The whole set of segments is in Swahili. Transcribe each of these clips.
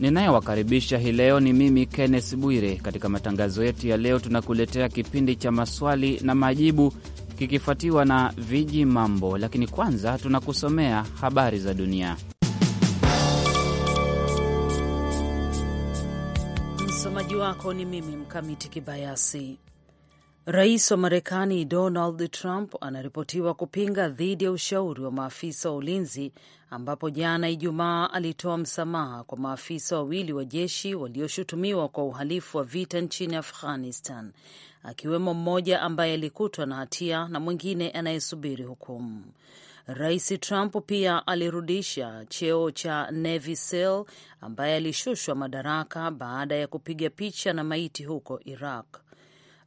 Ninayewakaribisha hii leo ni mimi Kenneth Bwire. Katika matangazo yetu ya leo, tunakuletea kipindi cha maswali na majibu kikifuatiwa na viji mambo, lakini kwanza tunakusomea habari za dunia. Msomaji wako ni mimi Mkamiti Kibayasi. Rais wa Marekani Donald Trump anaripotiwa kupinga dhidi ya ushauri wa maafisa wa ulinzi ambapo jana Ijumaa alitoa msamaha kwa maafisa wawili wa jeshi walioshutumiwa kwa uhalifu wa vita nchini Afghanistan, akiwemo mmoja ambaye alikutwa na hatia na mwingine anayesubiri hukumu. Rais Trump pia alirudisha cheo cha Navy SEAL ambaye alishushwa madaraka baada ya kupiga picha na maiti huko Iraq.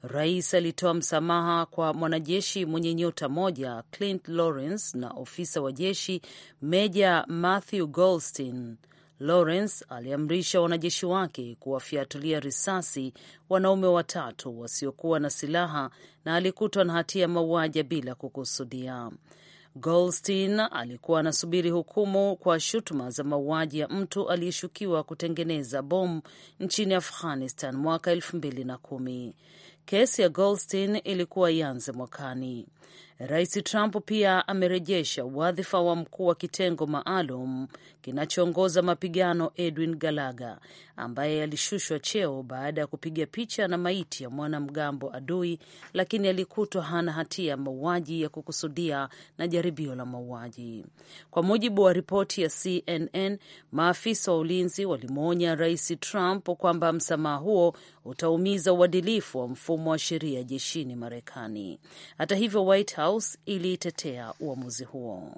Rais alitoa msamaha kwa mwanajeshi mwenye nyota moja Clint Lawrence na ofisa wa jeshi Meja Matthew Goldstein. Lawrence aliamrisha wanajeshi wake kuwafiatulia risasi wanaume watatu wasiokuwa na silaha na alikutwa na hatia ya mauaji bila kukusudia. Goldstein alikuwa anasubiri hukumu kwa shutuma za mauaji ya mtu aliyeshukiwa kutengeneza bomu nchini Afghanistan mwaka elfu mbili na kumi. Kesi ya Goldstein ilikuwa ianze mwakani. Rais Trump pia amerejesha wadhifa wa mkuu wa kitengo maalum kinachoongoza mapigano Edwin Galaga ambaye alishushwa cheo baada ya kupiga picha na maiti ya mwanamgambo adui, lakini alikutwa hana hatia ya mauaji ya kukusudia na jaribio la mauaji, kwa mujibu wa ripoti ya CNN. Maafisa wa ulinzi walimwonya Rais Trump kwamba msamaha huo utaumiza uadilifu wa mfumo wa sheria jeshini Marekani. Hata hivyo White House House iliitetea uamuzi huo.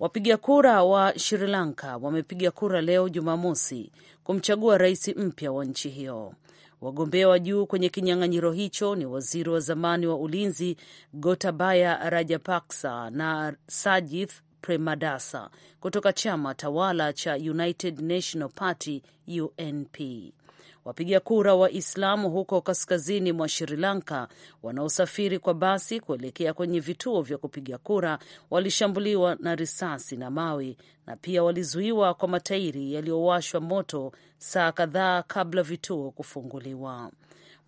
Wapiga kura wa Sri Lanka wamepiga kura leo Jumamosi kumchagua rais mpya wa nchi hiyo. Wagombea wa juu kwenye kinyang'anyiro hicho ni waziri wa zamani wa ulinzi Gotabaya Rajapaksa na Sajith Premadasa kutoka chama tawala cha United National Party UNP. Wapiga kura Waislamu huko kaskazini mwa Sri Lanka wanaosafiri kwa basi kuelekea kwenye vituo vya kupiga kura walishambuliwa na risasi na mawe na pia walizuiwa kwa matairi yaliyowashwa moto saa kadhaa kabla vituo kufunguliwa.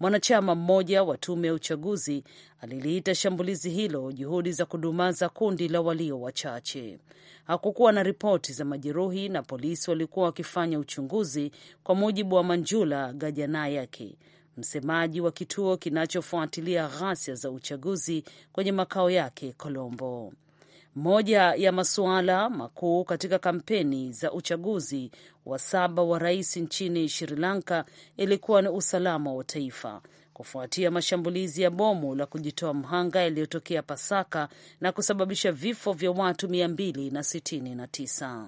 Mwanachama mmoja wa tume ya uchaguzi aliliita shambulizi hilo juhudi za kudumaza kundi la walio wachache. Hakukuwa na ripoti za majeruhi na polisi walikuwa wakifanya uchunguzi, kwa mujibu wa Manjula Gajanayake, msemaji wa kituo kinachofuatilia ghasia za uchaguzi kwenye makao yake Colombo. Moja ya masuala makuu katika kampeni za uchaguzi wa saba wa rais nchini Sri Lanka ilikuwa ni usalama wa taifa kufuatia mashambulizi ya bomu la kujitoa mhanga yaliyotokea Pasaka na kusababisha vifo vya watu 269.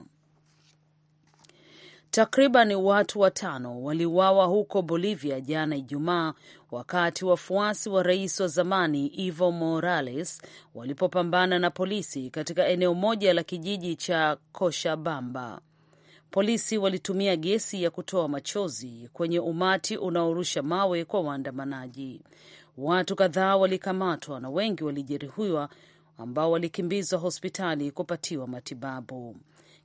Takriban watu watano waliuawa huko Bolivia jana Ijumaa wakati wafuasi wa rais wa zamani Evo Morales walipopambana na polisi katika eneo moja la kijiji cha koshabamba Polisi walitumia gesi ya kutoa machozi kwenye umati unaorusha mawe kwa waandamanaji. Watu kadhaa walikamatwa na wengi walijeruhiwa ambao walikimbizwa hospitali kupatiwa matibabu.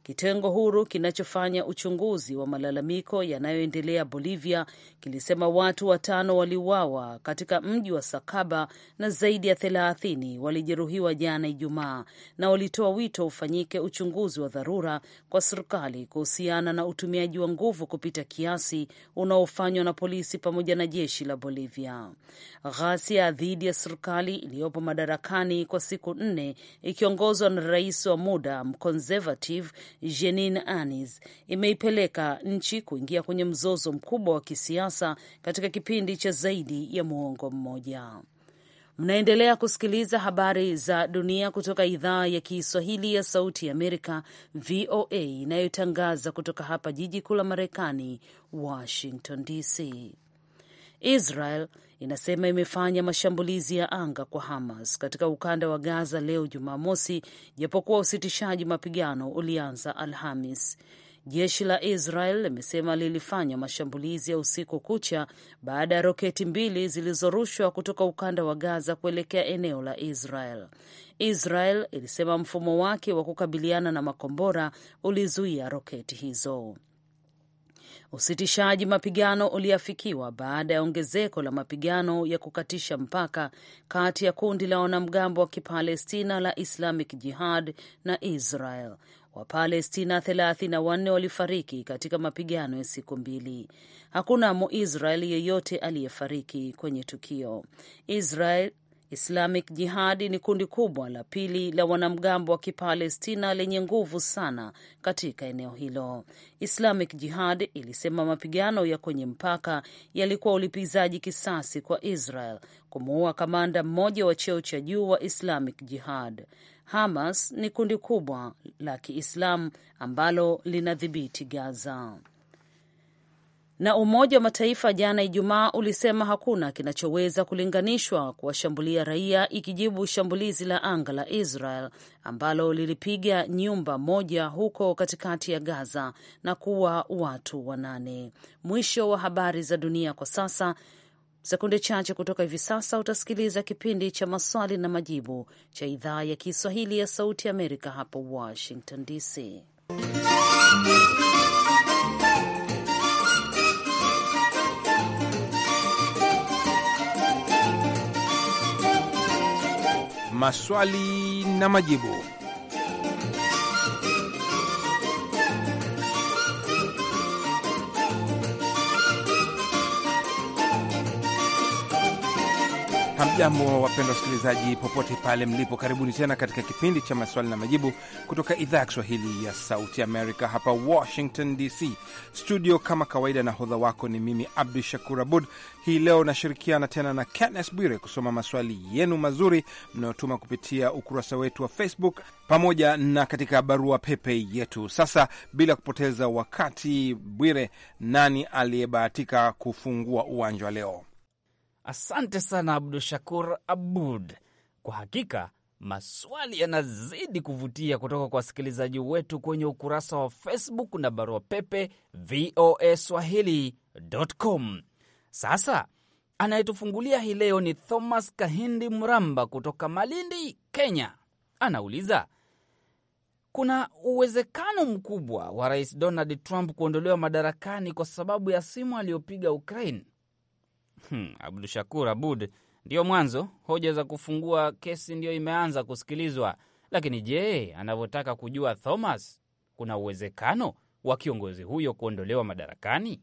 Kitengo huru kinachofanya uchunguzi wa malalamiko yanayoendelea Bolivia kilisema watu watano waliuawa katika mji wa Sakaba na zaidi ya thelathini walijeruhiwa jana Ijumaa, na walitoa wito ufanyike uchunguzi wa dharura kwa serikali kuhusiana na utumiaji wa nguvu kupita kiasi unaofanywa na polisi pamoja na jeshi la Bolivia. Ghasia dhidi ya serikali iliyopo madarakani kwa siku nne ikiongozwa na rais wa muda mconservative Jeanine Anis imeipeleka nchi kuingia kwenye mzozo mkubwa wa kisiasa katika kipindi cha zaidi ya muongo mmoja. Mnaendelea kusikiliza habari za dunia kutoka idhaa ya Kiswahili ya Sauti ya Amerika, VOA, inayotangaza kutoka hapa jiji kuu la Marekani, Washington DC. Israel inasema imefanya mashambulizi ya anga kwa Hamas katika ukanda wa Gaza leo Jumamosi, japokuwa usitishaji mapigano ulianza Alhamis. Jeshi la Israel limesema lilifanya mashambulizi ya usiku kucha baada ya roketi mbili zilizorushwa kutoka ukanda wa Gaza kuelekea eneo la Israel. Israel ilisema mfumo wake wa kukabiliana na makombora ulizuia roketi hizo. Usitishaji mapigano uliafikiwa baada ya ongezeko la mapigano ya kukatisha mpaka kati ya kundi la wanamgambo wa Kipalestina la Islamic Jihad na Israel. Wapalestina 34 walifariki katika mapigano ya siku mbili. Hakuna Muisraeli yeyote aliyefariki kwenye tukio. Israel Islamic Jihadi ni kundi kubwa la pili la wanamgambo wa Kipalestina lenye nguvu sana katika eneo hilo. Islamic Jihad ilisema mapigano ya kwenye mpaka yalikuwa ulipizaji kisasi kwa Israel kumuua kamanda mmoja wa cheo cha juu wa Islamic Jihad. Hamas ni kundi kubwa la Kiislamu ambalo linadhibiti Gaza na Umoja wa Mataifa jana Ijumaa ulisema hakuna kinachoweza kulinganishwa kuwashambulia raia, ikijibu shambulizi la anga la Israel ambalo lilipiga nyumba moja huko katikati ya Gaza na kuua watu wanane. Mwisho wa habari za dunia kwa sasa. Sekunde chache kutoka hivi sasa utasikiliza kipindi cha maswali na majibu cha idhaa ya Kiswahili ya Sauti ya Amerika, hapa Washington DC. maswali na majibu. Hamjambo, wapendwa wasikilizaji, popote pale mlipo, karibuni tena katika kipindi cha maswali na majibu kutoka idhaa ya Kiswahili ya Sauti Amerika hapa Washington DC studio. Kama kawaida, na hodha wako ni mimi Abdu Shakur Abud. Hii leo nashirikiana tena na Kennes Bwire kusoma maswali yenu mazuri mnayotuma kupitia ukurasa wetu wa Facebook pamoja na katika barua pepe yetu. Sasa bila kupoteza wakati, Bwire, nani aliyebahatika kufungua uwanja leo? Asante sana Abdu Shakur Abud. Kwa hakika maswali yanazidi kuvutia kutoka kwa wasikilizaji wetu kwenye ukurasa wa Facebook na barua pepe VOA Swahili.com. Sasa anayetufungulia hii leo ni Thomas Kahindi Mramba kutoka Malindi, Kenya. Anauliza, kuna uwezekano mkubwa wa Rais Donald Trump kuondolewa madarakani kwa sababu ya simu aliyopiga Ukraine Hmm, Abdu Shakur Abud, ndiyo mwanzo hoja za kufungua kesi ndiyo imeanza kusikilizwa. Lakini je, anavyotaka kujua Thomas, kuna uwezekano wa kiongozi huyo kuondolewa madarakani?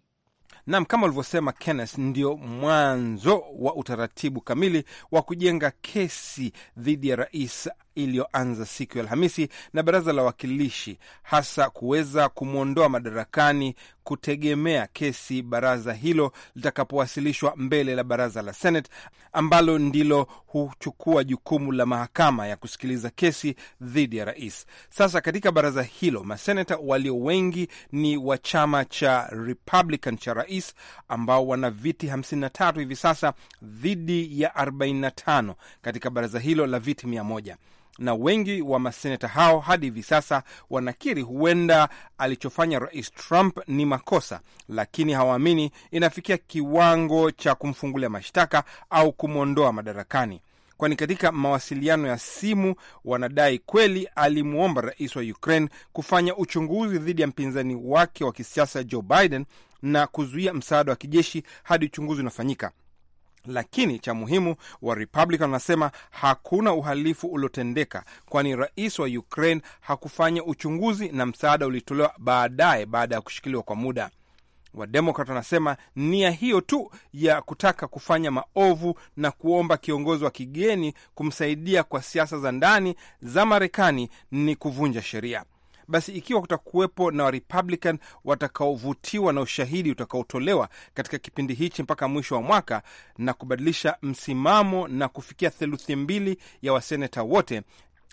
Nam, kama ulivyosema Kenneth, ndio mwanzo wa utaratibu kamili wa kujenga kesi dhidi ya rais iliyoanza siku ya Alhamisi na baraza la wawakilishi, hasa kuweza kumwondoa madarakani, kutegemea kesi baraza hilo litakapowasilishwa mbele la baraza la Senate, ambalo ndilo huchukua jukumu la mahakama ya kusikiliza kesi dhidi ya rais. Sasa katika baraza hilo maseneta walio wengi ni wa chama cha Republican cha rais, ambao wana viti 53 hivi sasa dhidi ya 45 katika baraza hilo la viti 100 na wengi wa maseneta hao hadi hivi sasa wanakiri huenda alichofanya Rais Trump ni makosa, lakini hawaamini inafikia kiwango cha kumfungulia mashtaka au kumwondoa madarakani kwani katika mawasiliano ya simu wanadai kweli alimwomba rais wa Ukraine kufanya uchunguzi dhidi ya mpinzani wake wa kisiasa Joe Biden na kuzuia msaada wa kijeshi hadi uchunguzi unafanyika. Lakini cha muhimu wa Republican wanasema hakuna uhalifu uliotendeka, kwani rais wa Ukraine hakufanya uchunguzi na msaada ulitolewa baadaye baada ya kushikiliwa kwa muda. Wademokrat wanasema nia hiyo tu ya kutaka kufanya maovu na kuomba kiongozi wa kigeni kumsaidia kwa siasa za ndani za Marekani ni kuvunja sheria basi ikiwa kutakuwepo na Warepublican watakaovutiwa na ushahidi utakaotolewa katika kipindi hichi mpaka mwisho wa mwaka na kubadilisha msimamo na kufikia theluthi mbili ya waseneta wote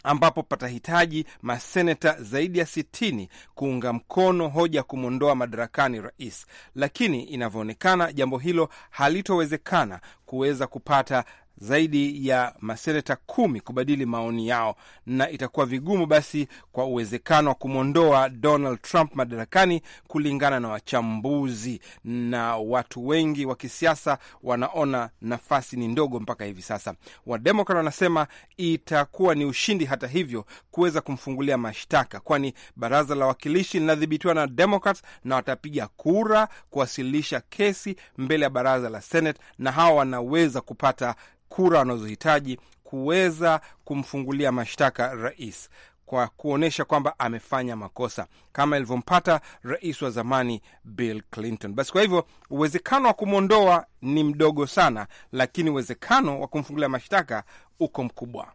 ambapo patahitaji maseneta zaidi ya sitini kuunga mkono hoja ya kumwondoa madarakani rais, lakini inavyoonekana jambo hilo halitowezekana kuweza kupata zaidi ya maseneta kumi kubadili maoni yao, na itakuwa vigumu basi kwa uwezekano wa kumwondoa Donald Trump madarakani, kulingana na wachambuzi na watu wengi wa kisiasa wanaona nafasi ni ndogo mpaka hivi sasa. Wademokrat wanasema itakuwa ni ushindi, hata hivyo, kuweza kumfungulia mashtaka, kwani baraza la wakilishi linadhibitiwa na Democrats na watapiga kura kuwasilisha kesi mbele ya baraza la Senate, na hawa wanaweza kupata kura wanazohitaji kuweza kumfungulia mashtaka rais kwa kuonyesha kwamba amefanya makosa kama ilivyompata rais wa zamani Bill Clinton. Basi kwa hivyo uwezekano wa kumwondoa ni mdogo sana, lakini uwezekano wa kumfungulia mashtaka uko mkubwa.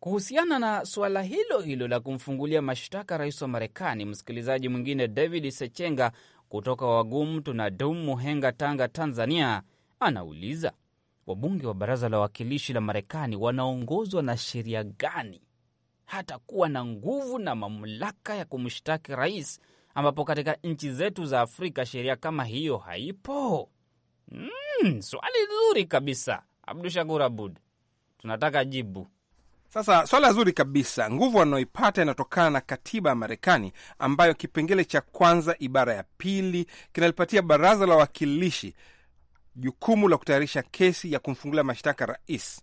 Kuhusiana na suala hilo hilo la kumfungulia mashtaka rais wa Marekani, msikilizaji mwingine David Sechenga kutoka Wagumtu na Dum, Muhenga, Tanga, Tanzania, anauliza wabunge wa baraza la wawakilishi la Marekani wanaongozwa na sheria gani hata kuwa na nguvu na mamlaka ya kumshtaki rais, ambapo katika nchi zetu za Afrika sheria kama hiyo haipo? Mm, swali zuri kabisa Abdu Shakur Abud, tunataka jibu. Sasa swala zuri kabisa. Nguvu wanaoipata inatokana na katiba ya Marekani, ambayo kipengele cha kwanza ibara ya pili kinalipatia baraza la wawakilishi jukumu la kutayarisha kesi ya kumfungulia mashtaka rais,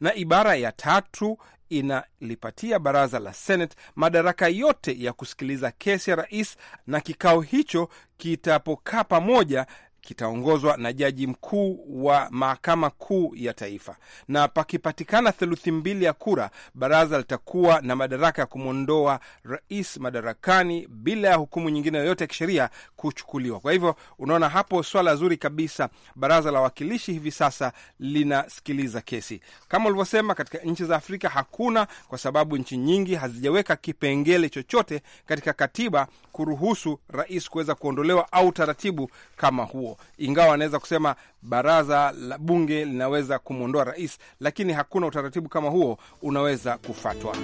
na ibara ya tatu inalipatia baraza la Senate madaraka yote ya kusikiliza kesi ya rais, na kikao hicho kitapokaa pamoja kitaongozwa na jaji mkuu wa mahakama kuu ya taifa, na pakipatikana theluthi mbili ya kura, baraza litakuwa na madaraka ya kumwondoa rais madarakani bila ya hukumu nyingine yoyote ya kisheria kuchukuliwa. Kwa hivyo, unaona hapo swala zuri kabisa. Baraza la Wawakilishi hivi sasa linasikiliza kesi kama ulivyosema. Katika nchi za Afrika hakuna, kwa sababu nchi nyingi hazijaweka kipengele chochote katika katiba kuruhusu rais kuweza kuondolewa au taratibu kama huo ingawa wanaweza kusema baraza la bunge linaweza kumwondoa rais, lakini hakuna utaratibu kama huo unaweza kufatwa.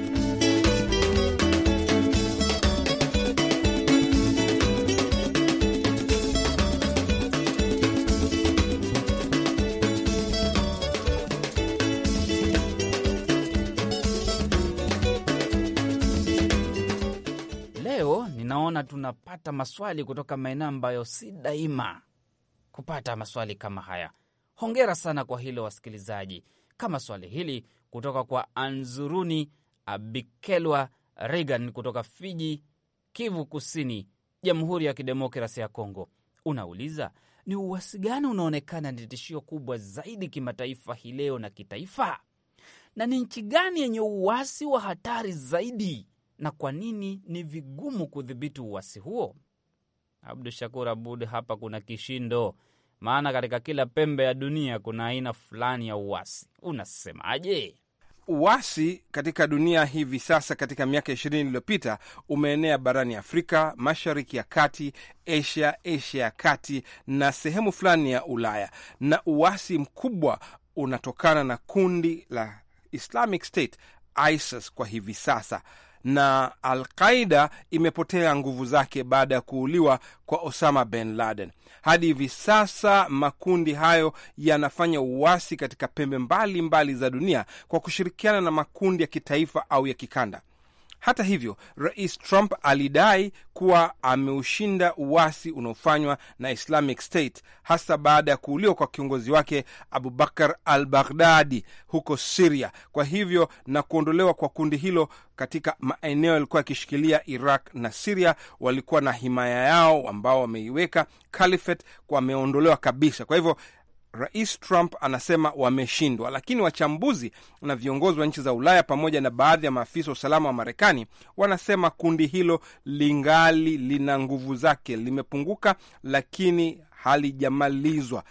Leo ninaona tunapata maswali kutoka maeneo ambayo si daima kupata maswali kama haya. Hongera sana kwa hilo wasikilizaji. Kama swali hili kutoka kwa Anzuruni Abikelwa Regan kutoka Fiji, Kivu Kusini, Jamhuri ya Kidemokrasi ya Kongo, unauliza ni uwasi gani unaonekana ni tishio kubwa zaidi kimataifa hii leo na kitaifa, na ni nchi gani yenye uwasi wa hatari zaidi, na kwa nini ni vigumu kudhibiti uwasi huo? Abdu Shakur Abud, hapa kuna kishindo, maana katika kila pembe ya dunia kuna aina fulani ya uasi. Unasemaje? Uasi katika dunia hivi sasa, katika miaka ishirini iliyopita umeenea barani Afrika, mashariki ya kati, Asia, Asia ya kati na sehemu fulani ya Ulaya, na uasi mkubwa unatokana na kundi la Islamic State ISIS kwa hivi sasa na Al Qaida imepotea nguvu zake baada ya kuuliwa kwa Osama bin Laden. Hadi hivi sasa makundi hayo yanafanya uasi katika pembe mbalimbali mbali za dunia kwa kushirikiana na makundi ya kitaifa au ya kikanda. Hata hivyo, Rais Trump alidai kuwa ameushinda uasi unaofanywa na Islamic State, hasa baada ya kuuliwa kwa kiongozi wake Abubakar al Baghdadi huko Siria, kwa hivyo na kuondolewa kwa kundi hilo katika maeneo yalikuwa yakishikilia Iraq na Siria, walikuwa na himaya yao ambao wameiweka Caliphate, wameondolewa kabisa. Kwa hivyo Rais Trump anasema wameshindwa, lakini wachambuzi na viongozi wa nchi za Ulaya pamoja na baadhi ya maafisa wa usalama wa Marekani wanasema kundi hilo lingali lina nguvu zake, limepunguka lakini halijamalizwa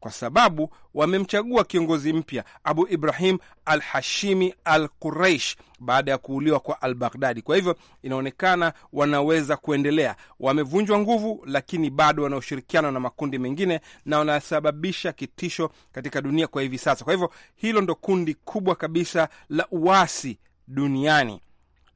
kwa sababu wamemchagua kiongozi mpya Abu Ibrahim al Hashimi al Quraish baada ya kuuliwa kwa al Baghdadi. Kwa hivyo inaonekana wanaweza kuendelea. Wamevunjwa nguvu, lakini bado wana ushirikiano na makundi mengine na wanasababisha kitisho katika dunia kwa hivi sasa. Kwa hivyo hilo ndo kundi kubwa kabisa la uasi duniani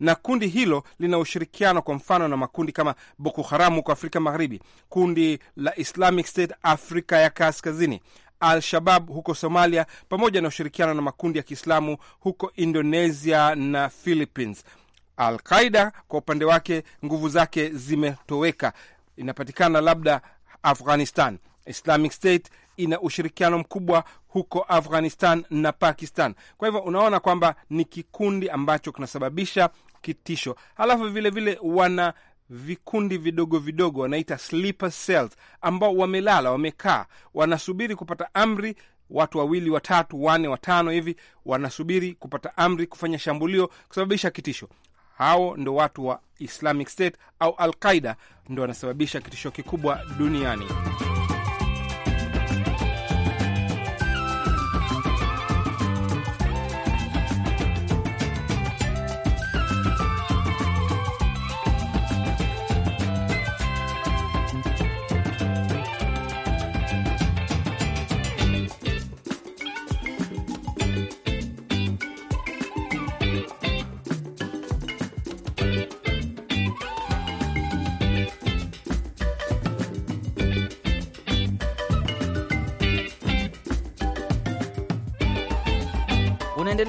na kundi hilo lina ushirikiano kwa mfano na makundi kama Boko Haram huko Afrika Magharibi, kundi la Islamic State Afrika ya Kaskazini, Al-Shabab huko Somalia, pamoja na ushirikiano na makundi ya Kiislamu huko Indonesia na Philippines. Al-Qaida kwa upande wake nguvu zake zimetoweka, inapatikana labda Afghanistan. Islamic State ina ushirikiano mkubwa huko Afghanistan na Pakistan. Kwa hivyo unaona kwamba ni kikundi ambacho kinasababisha kitisho. alafu vilevile wana vikundi vidogo vidogo wanaita sleeper cells, ambao wamelala, wamekaa, wanasubiri kupata amri watu wawili watatu wane watano hivi wanasubiri kupata amri kufanya shambulio kusababisha kitisho. Hao ndo watu wa Islamic State au Al Qaida ndo wanasababisha kitisho kikubwa duniani.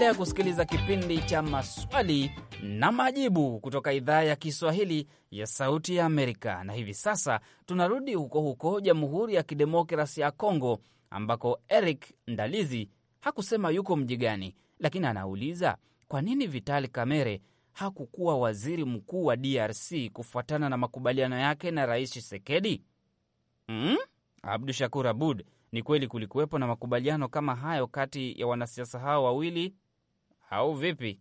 Unaendelea kusikiliza kipindi cha maswali na majibu kutoka idhaa ya Kiswahili ya Sauti ya Amerika, na hivi sasa tunarudi huko huko Jamhuri ya Kidemokrasi ya Kongo ambako Eric Ndalizi hakusema yuko mji gani, lakini anauliza kwa nini Vital kamere hakukuwa waziri mkuu wa DRC kufuatana na makubaliano yake na Rais chisekedi Mm? Abdu Shakur Abud, ni kweli kulikuwepo na makubaliano kama hayo kati ya wanasiasa hao wawili au vipi?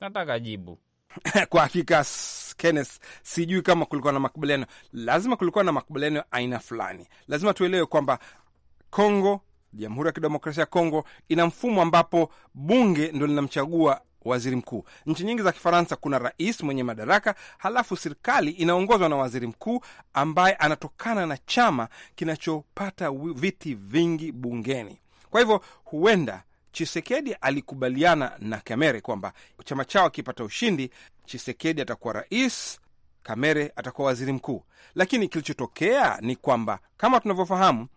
Nataka jibu. Kwa hakika Kenneth, sijui kama kulikuwa na makubaliano. Lazima kulikuwa na makubaliano ya aina fulani. Lazima tuelewe kwamba Kongo, Jamhuri ya Kidemokrasia ya Kongo ina mfumo ambapo bunge ndo linamchagua waziri mkuu. Nchi nyingi za Kifaransa kuna rais mwenye madaraka, halafu serikali inaongozwa na waziri mkuu ambaye anatokana na chama kinachopata viti vingi bungeni. Kwa hivyo huenda Chisekedi alikubaliana na Kamere kwamba chama chao akipata ushindi, Chisekedi atakuwa rais, Kamere atakuwa waziri mkuu. Lakini kilichotokea ni kwamba kama tunavyofahamu,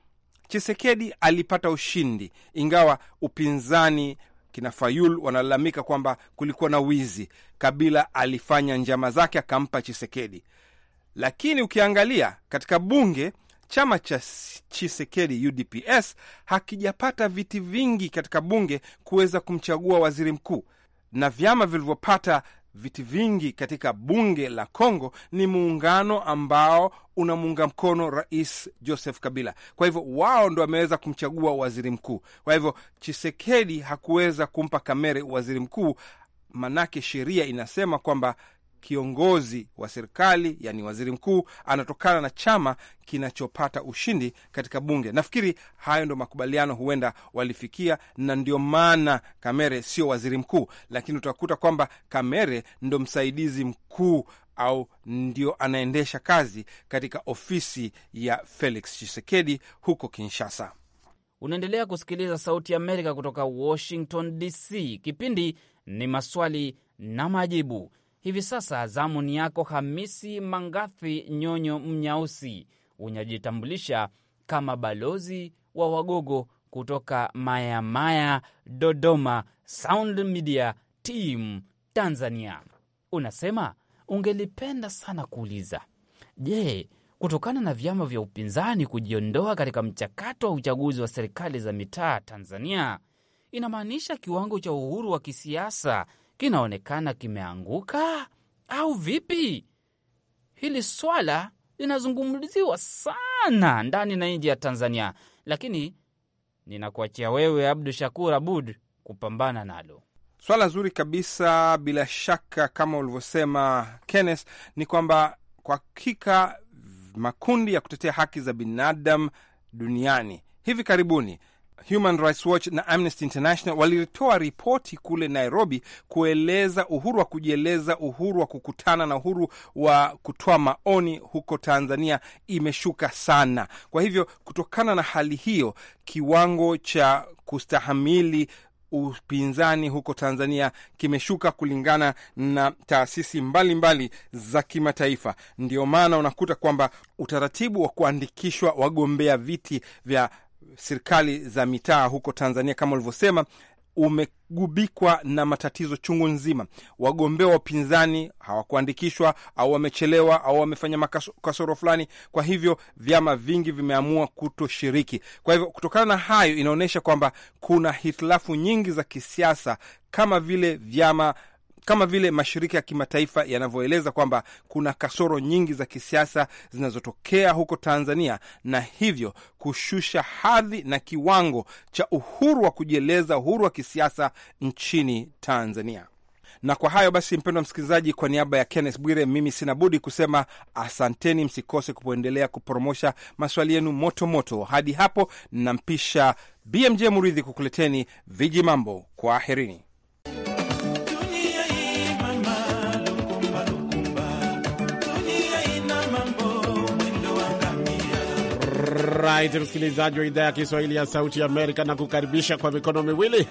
Chisekedi alipata ushindi, ingawa upinzani kina Fayul wanalalamika kwamba kulikuwa na wizi. Kabila alifanya njama zake akampa Chisekedi, lakini ukiangalia katika bunge chama cha Chisekedi UDPS hakijapata viti vingi katika bunge kuweza kumchagua waziri mkuu, na vyama vilivyopata viti vingi katika bunge la Kongo ni muungano ambao unamuunga mkono Rais Joseph Kabila. Kwa hivyo wao ndo wameweza kumchagua waziri mkuu. Kwa hivyo Chisekedi hakuweza kumpa Kamere waziri mkuu, manake sheria inasema kwamba kiongozi wa serikali yani waziri mkuu anatokana na chama kinachopata ushindi katika bunge. Nafikiri hayo ndo makubaliano huenda walifikia, na ndio maana Kamere sio waziri mkuu, lakini utakuta kwamba Kamere ndo msaidizi mkuu au ndio anaendesha kazi katika ofisi ya Felix Tshisekedi huko Kinshasa. Unaendelea kusikiliza Sauti ya Amerika kutoka Washington DC. Kipindi ni maswali na majibu. Hivi sasa zamu ni yako Hamisi Mangathi Nyonyo Mnyausi, unajitambulisha kama balozi wa Wagogo kutoka Mayamaya Maya, Dodoma. Sound Media Team Tanzania, unasema ungelipenda sana kuuliza, je, kutokana na vyama vya upinzani kujiondoa katika mchakato wa uchaguzi wa serikali za mitaa Tanzania, inamaanisha kiwango cha uhuru wa kisiasa kinaonekana kimeanguka au vipi? Hili swala linazungumziwa sana ndani na nje ya Tanzania, lakini ninakuachia wewe Abdu Shakur Abud kupambana nalo. Swala zuri kabisa, bila shaka kama ulivyosema Kenneth, ni kwamba kwa hakika makundi ya kutetea haki za binadamu duniani hivi karibuni Human Rights Watch na Amnesty International walitoa ripoti kule Nairobi kueleza uhuru wa kujieleza, uhuru wa kukutana na uhuru wa kutoa maoni huko Tanzania imeshuka sana. Kwa hivyo kutokana na hali hiyo, kiwango cha kustahamili upinzani huko Tanzania kimeshuka kulingana na taasisi mbalimbali mbali za kimataifa. Ndio maana unakuta kwamba utaratibu wa kuandikishwa wagombea viti vya serikali za mitaa huko Tanzania kama ulivyosema umegubikwa na matatizo chungu nzima. Wagombea wa upinzani hawakuandikishwa au wamechelewa au wamefanya makasoro fulani, kwa hivyo vyama vingi vimeamua kutoshiriki. Kwa hivyo kutokana na hayo, inaonyesha kwamba kuna hitilafu nyingi za kisiasa kama vile vyama kama vile mashirika ya kimataifa yanavyoeleza kwamba kuna kasoro nyingi za kisiasa zinazotokea huko Tanzania na hivyo kushusha hadhi na kiwango cha uhuru wa kujieleza, uhuru wa kisiasa nchini Tanzania. Na kwa hayo basi, mpendwa msikilizaji, kwa niaba ya Kenneth Bwire, mimi sina budi kusema asanteni. Msikose kuendelea kupromosha maswali yenu moto moto. Hadi hapo nampisha BMJ Muridhi kukuleteni viji mambo. Kwaherini. right, msikilizaji wa idhaa ya Kiswahili ya Sauti ya Amerika, na kukaribisha kwa mikono miwili,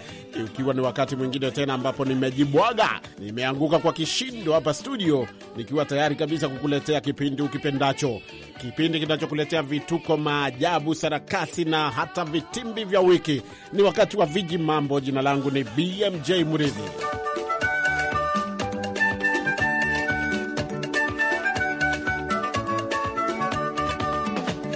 ikiwa ni wakati mwingine tena ambapo nimejibwaga, nimeanguka kwa kishindo hapa studio, nikiwa tayari kabisa kukuletea kipindi ukipendacho, kipindi kinachokuletea vituko, maajabu, sarakasi na hata vitimbi vya wiki. Ni wakati wa viji mambo. Jina langu ni BMJ mridhi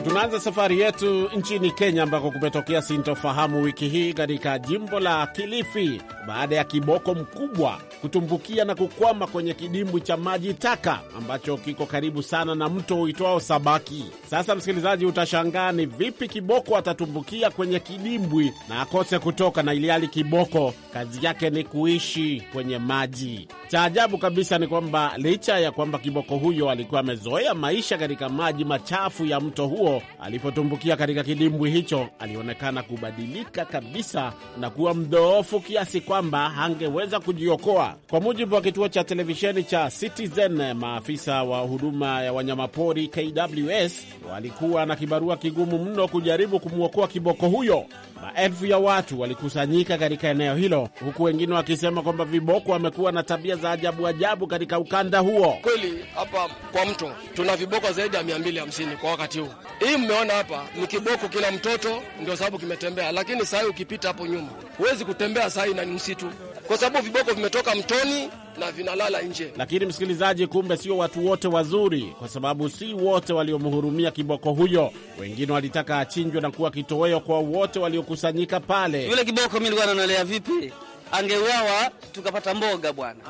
Tunaanza safari yetu nchini Kenya ambako kumetokea sintofahamu wiki hii katika jimbo la Kilifi baada ya kiboko mkubwa kutumbukia na kukwama kwenye kidimbwi cha maji taka ambacho kiko karibu sana na mto uitwao Sabaki. Sasa msikilizaji, utashangaa ni vipi kiboko atatumbukia kwenye kidimbwi na akose kutoka, na ilihali kiboko kazi yake ni kuishi kwenye maji. Cha ajabu kabisa ni kwamba licha ya kwamba kiboko huyo alikuwa amezoea maisha katika maji machafu ya mto huo alipotumbukia katika kidimbwi hicho alionekana kubadilika kabisa na kuwa mdhoofu kiasi kwamba hangeweza kujiokoa. Kwa mujibu wa kituo cha televisheni cha Citizen, maafisa wa huduma ya wanyamapori KWS walikuwa na kibarua kigumu mno kujaribu kumwokoa kiboko huyo. Maelfu ya watu walikusanyika katika eneo hilo, huku wengine wakisema kwamba viboko wamekuwa na tabia za ajabu ajabu katika ukanda huo. Kweli hapa kwa mto tuna viboko zaidi ya 250 kwa wakati huu. Hii mmeona hapa ni kiboko, kila mtoto ndio sababu kimetembea, lakini saa hii ukipita hapo nyuma huwezi kutembea saa hii na ni msitu, kwa sababu viboko vimetoka mtoni na vinalala nje. Lakini msikilizaji, kumbe sio watu wote wazuri, kwa sababu si wote waliomhurumia kiboko huyo. Wengine walitaka achinjwe na kuwa kitoweo kwa wote waliokusanyika pale. Yule kiboko mi nilikuwa vipi? angeuawa tukapata mboga bwana,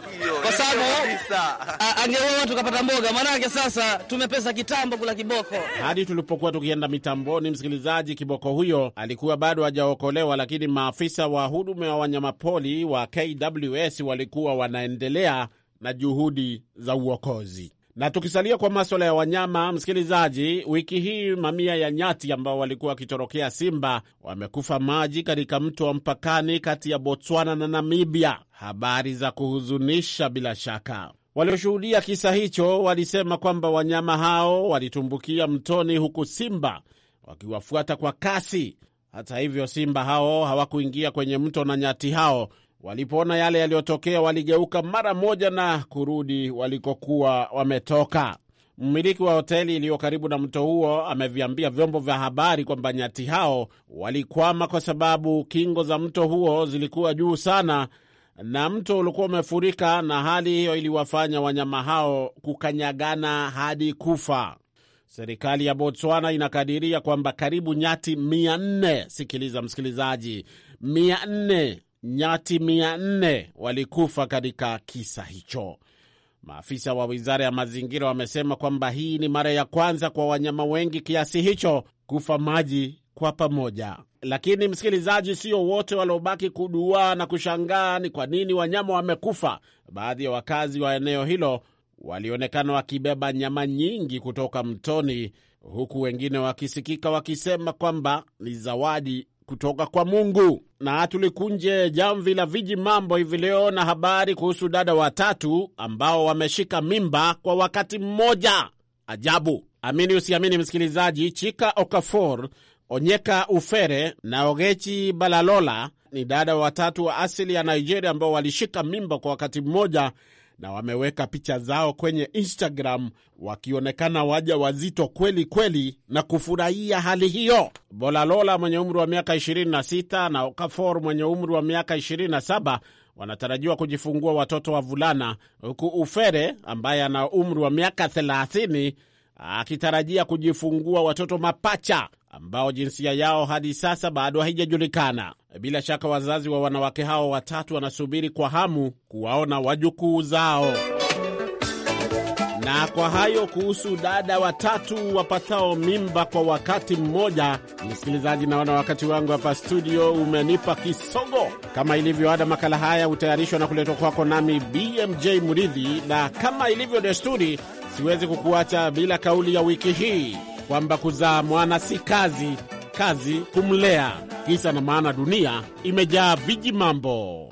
kwa sababu angeuawa tukapata mboga. Maanake sasa tumepesa kitambo kula kiboko. Hadi tulipokuwa tukienda mitamboni, msikilizaji, kiboko huyo alikuwa bado hajaokolewa, lakini maafisa wa huduma ya wanyamapori wa KWS walikuwa wanaendelea na juhudi za uokozi. Na tukisalia kwa maswala ya wanyama, msikilizaji, wiki hii mamia ya nyati ambao walikuwa wakitorokea simba wamekufa maji katika mto wa mpakani kati ya Botswana na Namibia. Habari za kuhuzunisha bila shaka. Walioshuhudia kisa hicho walisema kwamba wanyama hao walitumbukia mtoni, huku simba wakiwafuata kwa kasi. Hata hivyo, simba hao hawakuingia kwenye mto na nyati hao Walipoona yale yaliyotokea, waligeuka mara moja na kurudi walikokuwa wametoka. Mmiliki wa hoteli iliyo karibu na mto huo ameviambia vyombo vya habari kwamba nyati hao walikwama kwa sababu kingo za mto huo zilikuwa juu sana na mto ulikuwa umefurika, na hali hiyo iliwafanya wanyama hao kukanyagana hadi kufa. Serikali ya Botswana inakadiria kwamba karibu nyati mia nne, sikiliza msikilizaji, mia nne nyati 4 walikufa katika kisa hicho. Maafisa wa wizara ya mazingira wamesema kwamba hii ni mara ya kwanza kwa wanyama wengi kiasi hicho kufa maji kwa pamoja. Lakini msikilizaji, sio wote waliobaki kuduaa na kushangaa ni kwa nini wanyama wamekufa. Baadhi ya wakazi wa eneo hilo walionekana wakibeba nyama nyingi kutoka mtoni, huku wengine wakisikika wakisema kwamba ni zawadi kutoka kwa Mungu. Na tulikunje jamvi la viji mambo hivi leo na habari kuhusu dada watatu ambao wameshika mimba kwa wakati mmoja. Ajabu! Amini usiamini, msikilizaji, Chika Okafor, Onyeka Ufere na Ogechi Balalola ni dada watatu wa asili ya Nigeria ambao walishika mimba kwa wakati mmoja na wameweka picha zao kwenye Instagram wakionekana waja wazito kweli kweli na kufurahia hali hiyo. Bolalola mwenye umri wa miaka 26 na Okafor mwenye umri wa miaka 27 wanatarajiwa kujifungua watoto wa vulana huku Ufere ambaye ana umri wa miaka 30 akitarajia kujifungua watoto mapacha ambao jinsia yao hadi sasa bado haijajulikana. Bila shaka wazazi wa wanawake hao watatu wanasubiri kwa hamu kuwaona wajukuu zao. Na kwa hayo kuhusu dada watatu wapatao mimba kwa wakati mmoja, msikilizaji, naona wakati wangu hapa studio umenipa kisogo. Kama ilivyo ada, makala haya hutayarishwa na kuletwa kwako nami BMJ Muridhi, na kama ilivyo desturi, siwezi kukuacha bila kauli ya wiki hii kwamba kuzaa mwana si kazi, kazi kumlea. Kisa na maana, dunia imejaa viji mambo.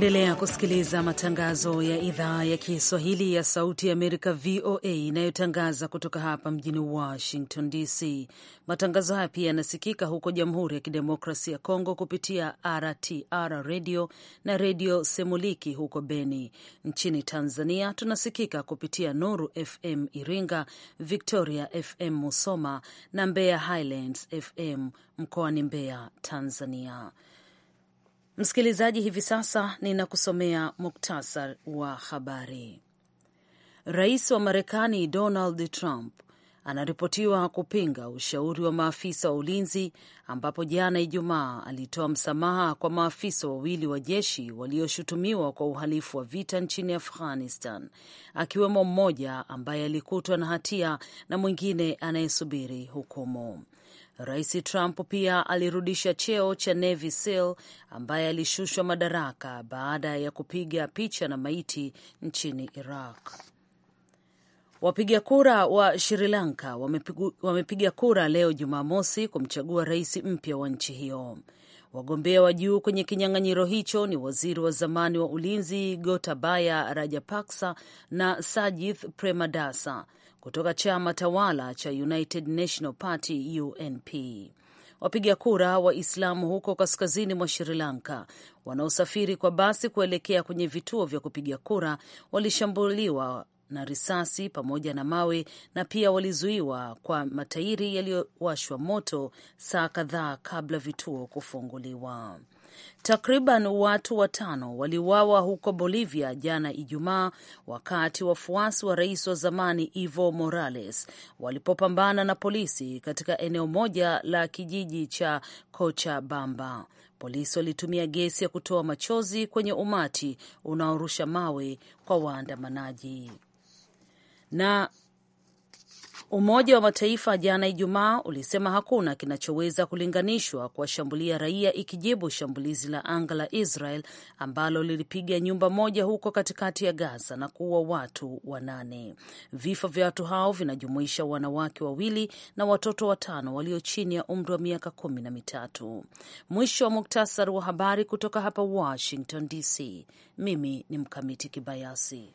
Unaendelea kusikiliza matangazo ya idhaa ya Kiswahili ya Sauti ya Amerika, VOA, inayotangaza kutoka hapa mjini Washington DC. Matangazo haya pia yanasikika huko Jamhuri ya Kidemokrasi ya Kongo kupitia RTR Redio na Redio Semuliki huko Beni. Nchini Tanzania tunasikika kupitia Nuru FM Iringa, Victoria FM Musoma na Mbeya Highlands FM mkoani Mbeya, Tanzania. Msikilizaji, hivi sasa ninakusomea muktasar wa habari. Rais wa Marekani Donald Trump anaripotiwa kupinga ushauri wa maafisa wa ulinzi ambapo jana Ijumaa alitoa msamaha kwa maafisa wawili wa jeshi walioshutumiwa kwa uhalifu wa vita nchini Afghanistan, akiwemo mmoja ambaye alikutwa na hatia na mwingine anayesubiri hukumu. Rais Trump pia alirudisha cheo cha Navy SEAL ambaye alishushwa madaraka baada ya kupiga picha na maiti nchini Iraq. Wapiga kura wa Sri Lanka wamepiga kura leo Jumamosi kumchagua rais mpya wa nchi hiyo. Wagombea wa juu kwenye kinyang'anyiro hicho ni waziri wa zamani wa ulinzi Gotabaya Rajapaksa na Sajith Premadasa kutoka chama tawala cha United National Party UNP. Wapiga kura Waislamu huko kaskazini mwa Sri Lanka wanaosafiri kwa basi kuelekea kwenye vituo vya kupiga kura walishambuliwa na risasi pamoja na mawe na pia walizuiwa kwa matairi yaliyowashwa moto saa kadhaa kabla vituo kufunguliwa. Takriban watu watano waliuawa huko Bolivia jana Ijumaa wakati wafuasi wa rais wa zamani Evo Morales walipopambana na polisi katika eneo moja la kijiji cha Cochabamba. Polisi walitumia gesi ya kutoa machozi kwenye umati unaorusha mawe kwa waandamanaji na Umoja wa Mataifa jana Ijumaa ulisema hakuna kinachoweza kulinganishwa kuwashambulia raia, ikijibu shambulizi la anga la Israel ambalo lilipiga nyumba moja huko katikati ya Gaza na kuua watu wanane. Vifo vya watu hao vinajumuisha wanawake wawili na watoto watano walio chini ya umri wa miaka kumi na mitatu. Mwisho wa muktasari wa habari kutoka hapa Washington DC. Mimi ni Mkamiti Kibayasi.